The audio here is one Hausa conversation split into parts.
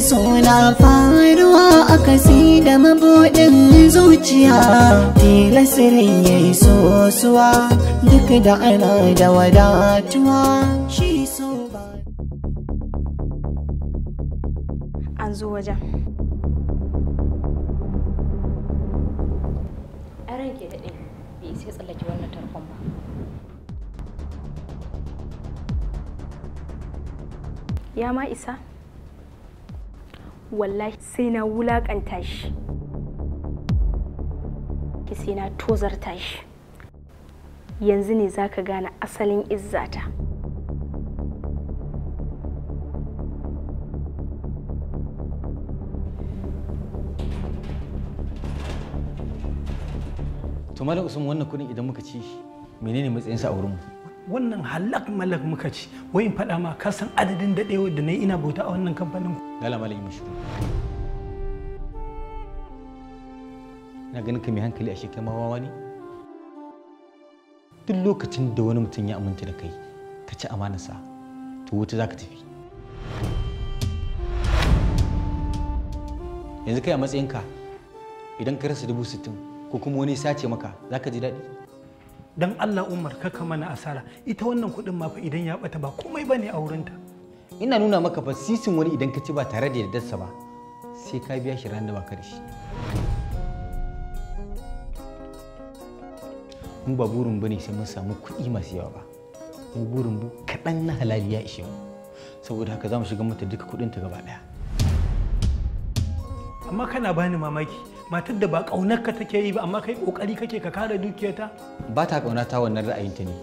suna faruwa a kasi da mabuɗin zuciya tilasirin ya yi sosuwa duk da ana da wadatuwa shi so ba an zo wajen daɗe bai ya ma isa wallahi sai na wulakanta shi ki sai na tozarta shi yanzu ne za ka gane asalin izzata to malam usman wannan kudin idan muka ci menene matsayinsa a wurinmu wannan halak malak muka ci wai in faɗa ma ka san adadin daɗewar da na ina bauta a wannan kamfanin dala malai na ganin ka mai hankali a shekai ma wawa ne duk lokacin da wani mutum ya aminta da kai ka ci amanarsa to wuta za ka tafi yanzu kai a matsayinka idan ka rasa dubu sittin ko kuma wani sace maka za ka ji daɗi dan Allah Umar kaka mana asara ita wannan kuɗin ma fa idan ya bata ba komai bane a wurinta ina nuna maka fa sisin wani idan ka ci ba tare da yardarsa ba sai ka biya shi ran da baka da shi mu ba burin bane sai mun samu kuɗi masu yawa ba mu burin bu kaɗan na halali ya ishe mu saboda haka za mu shiga mata duka ta gaba ɗaya amma kana bani mamaki matar da ba ƙaunarka take yi ba amma kai ƙoƙari kake ka kare dukiyarta ba ta ƙaunata wannan ra'ayinta ne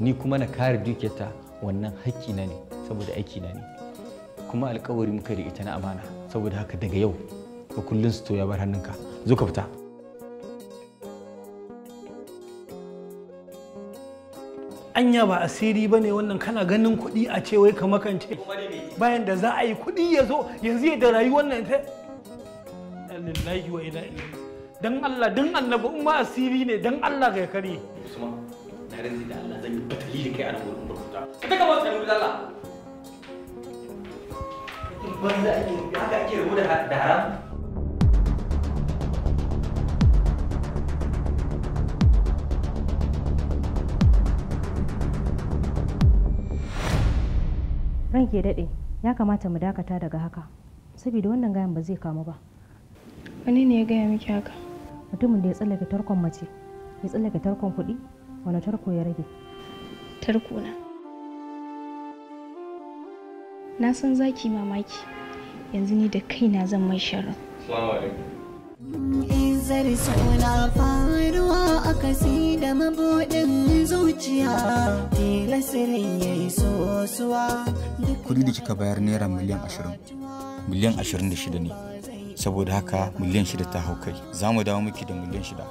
ni kuma na kare dukiyarta wannan haƙƙi na ne saboda aiki na ne kuma alƙawari muka da ita na amana saboda haka daga yau ba kullun su ya bar hannunka zo ka fita anya ba asiri ba ne wannan kana ganin kuɗi a ce wai ka makance bayan da za a yi kuɗi ya zo yanzu ya da rayuwar nan ta inna lillahi wa inna ilaihi dan Allah dan annabi umma asiri ne dan Allah kai kare kuma na ran da Allah zan yi batali da kai a nan wurin rubuta ka ta gaba tsari da Allah banda ake haka ake rubuta da haram ranke daɗe ya kamata mu dakata daga haka saboda wannan gayan ba zai kamu ba wani ne ya gaya miki haka mutumin da ya tsallake tarkon mace ya tsallake tarkon kuɗi wani tarko ya rage tarko na na san zaki mamaki yanzu ni da kaina zan mai sharar zari suna faruwa a kasi da mabuɗin zuciya tilasirin ya yi sosuwa kudi da kika bayar naira miliyan ashirin miliyan ashirin da shida ne saboda haka miliyan shida ta hau kai za mu dawo miki da miliyan shida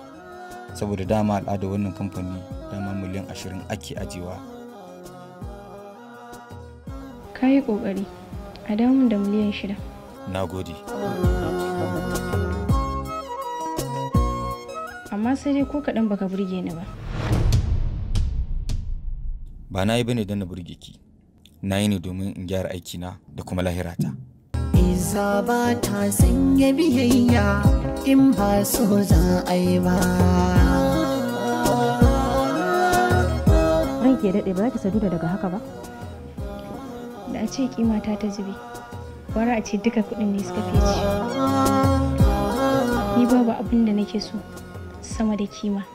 saboda dama al'ada wannan kamfani dama miliyan ashirin ake ajiyewa ka yi ƙoƙari a damun da miliyan shida na gode amma sai dai ko kaɗan baka burge ni ba ba na yi bane don na burge ki na yi ne domin in gyara aikina da kuma lahirata. ba ta sanya biyayya in ba so za a ba. Ran ke daɗe ba za ta saduda daga haka ba? Da a ce kimata ta zube, wara a ce duka kuɗin ne suka fice. Ni babu abin da nake so sama da kima,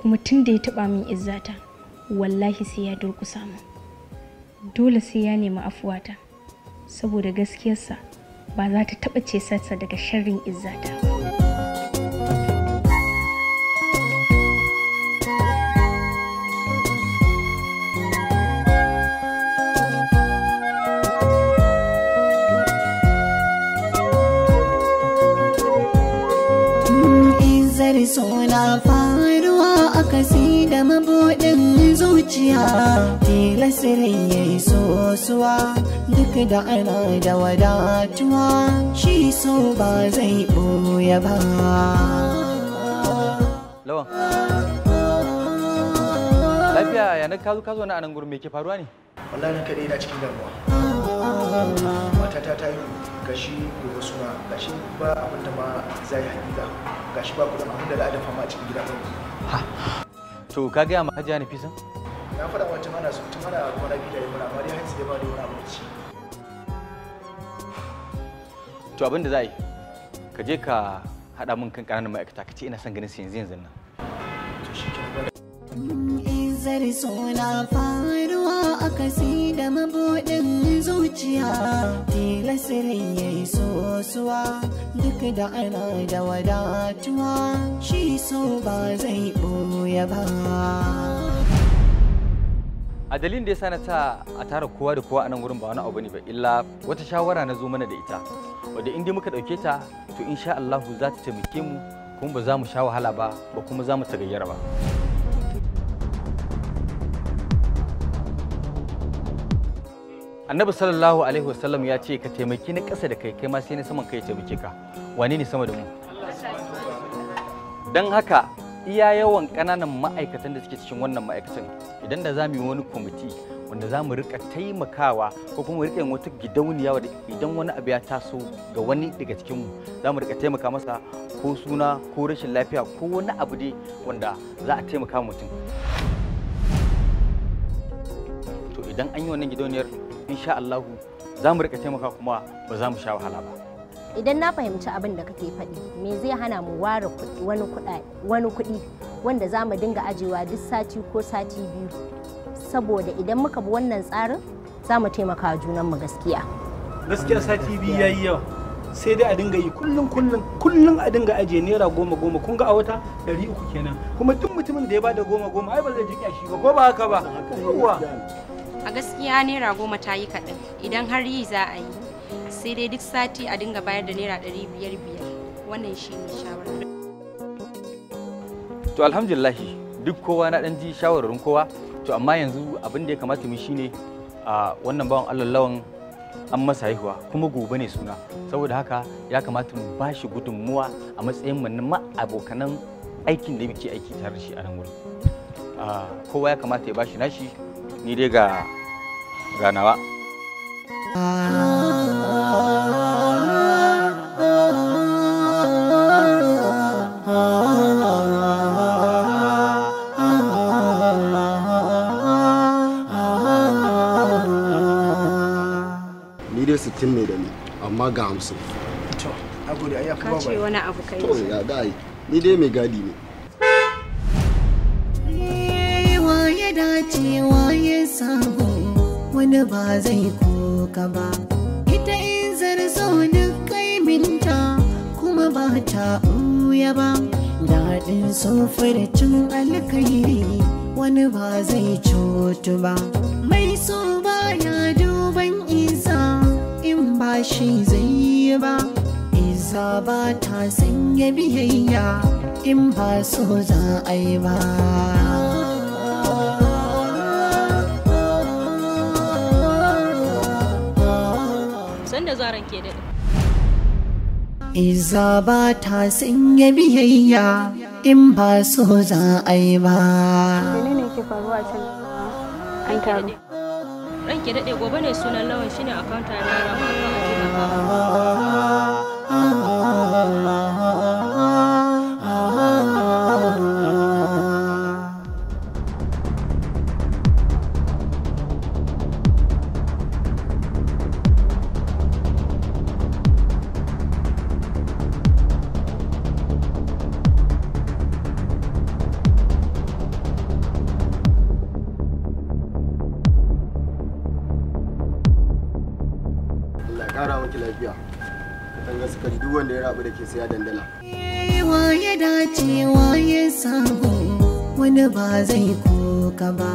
kuma tun da ya taɓa min izzata, wallahi sai ya durƙusa mu. Dole sai ya nemi afuwata, saboda gaskiyarsa. ba za ta taɓa ce daga sharrin izzata nasirin ya yi sosuwa duk da ana da wadatuwa shi so ba zai ɓoye ba lawan lafiya yanar kazo kazo na anan gurin me ke faruwa ne wallahi na kaɗai na cikin damuwa matata ta yi gashi gobe suna gashi ba abin da ma zai haƙiƙa gashi ba kudin abin da za a dafa ma a cikin gida ha to ka gaya ma hajiya nafisa na faɗa wancan ana su tun ana kwana biyu da yi mana amma dai har sai ba da wani ci to abin da za yi ka je ka haɗa min kan ƙananan ma'aikata ka ce ina son ganin su yanzu yanzu nan to shi suna faruwa a kasi da mabuɗin zuciya tilasirin ya yi sosuwa duk da ana da wadatuwa shi so ba zai ɓoye ba a dalilin da ya na ta a tara kowa da kowa a nan wurin ba wani abu ne ba illa wata shawara na zo mana da ita wadda in dai muka ɗauke ta to insha Allah za ta taimake mu kuma ba za mu sha wahala ba ba kuma za mu tagayyara ba annabi sallallahu alaihi wasallam ya ce ka taimaki na ƙasa da kai kai ma sai na saman kai ya taimake ka wane ne sama da mu dan haka iya yawan ƙananan ma'aikatan da suke cikin wannan ma'aikatan idan da za mu yi wani kwamiti wanda za mu rika taimakawa ko kuma rika wata gidauniya wadda idan wani abu ya taso ga wani daga cikinmu za mu rika taimaka masa ko suna ko rashin lafiya ko wani abu dai wanda za a taimaka mutum to idan an yi wannan gidauniyar insha Allah za mu rika taimaka kuma ba za mu sha wahala ba idan na fahimci abin da kake faɗi me zai hana mu ware wani kuɗi wanda za mu dinga ajiyewa duk sati ko sati biyu saboda idan muka bi wannan tsarin za mu taimaka junanmu gaskiya gaskiya sati biyu yayi yawa sai dai a dinga yi kullum kullum kullum a dinga ajiye naira goma goma kun ga a wata ɗari uku kenan kuma duk mutumin da ya bada goma goma ai ba zai jiƙa kyashi ba ko ba haka ba yawa a gaskiya naira goma ta yi kaɗan idan har yi za a yi sai dai duk sati a dinga bayar da naira ɗari biyar biyar wannan shi ne shawarar to alhamdulillah duk kowa na dan ji shawararin kowa to amma yanzu abin da ya kamata mu shine a wannan bawan Allah lawan an masa haihuwa kuma gobe ne suna saboda haka ya kamata mu ba shi gudunmuwa a matsayin mu na abokanan aikin da muke aiki tare da shi a nan wurin kowa ya kamata ya ba shi nashi ni dai ga ganawa. Ah. 60 ne da ni amma ga hamsin. to agode ayya kuma ba wani abu kai to ya ga ni dai mai gadi ne eh, ya dace waye sabo wani ba zai koka ba ita in zarzo na kai minta kuma ba ta uya ba daɗin cin alkairi wani ba zai cutu ba mai so baya duban ba shi zai yi ba isa ba ta sanya biyayya in ba so za a yi ba da zaran ke daɗi. Iza ba ta sanya biyayya in ba so za a yi ba. Menene ke faruwa can? An kyaru ranke daɗe gobe ne sunan lawan shine akawunta na rama tafiya katanga suka ji duk wanda ya rabu da ke siya dandala ya dace ya sabo wani ba zai koka ba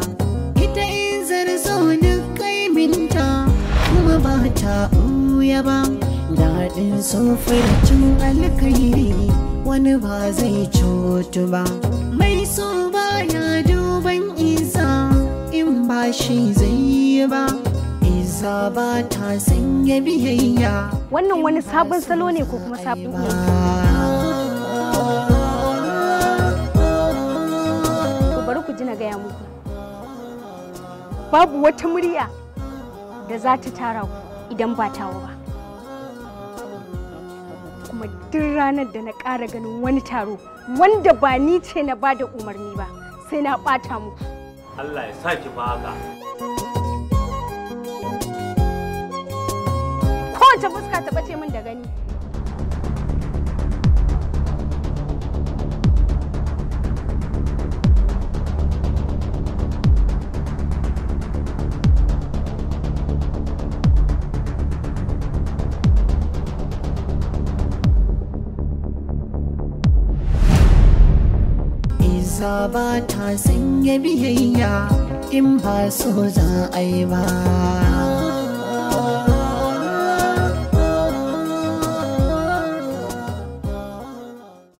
ita in zarzo duk kai minta kuma ba ta uya ba daɗin cin alkairi wani ba zai cutu ba mai so baya duban isa in ba shi zai ba isa ba ta sanya biyayya wannan wani sabon salo ne ko kuma sabon ne ku bari ku ji na gaya muku babu wata murya da za ta tara ku idan ba tawa ba kuma duk ranar da na ƙara ganin wani taro wanda ba ni ce na ba da umarni ba sai na ɓata muku Allah ya sake ba haka. kowace fuska ta bace min da gani Isa ba ta sanya biyayya in ba so za a yi ba.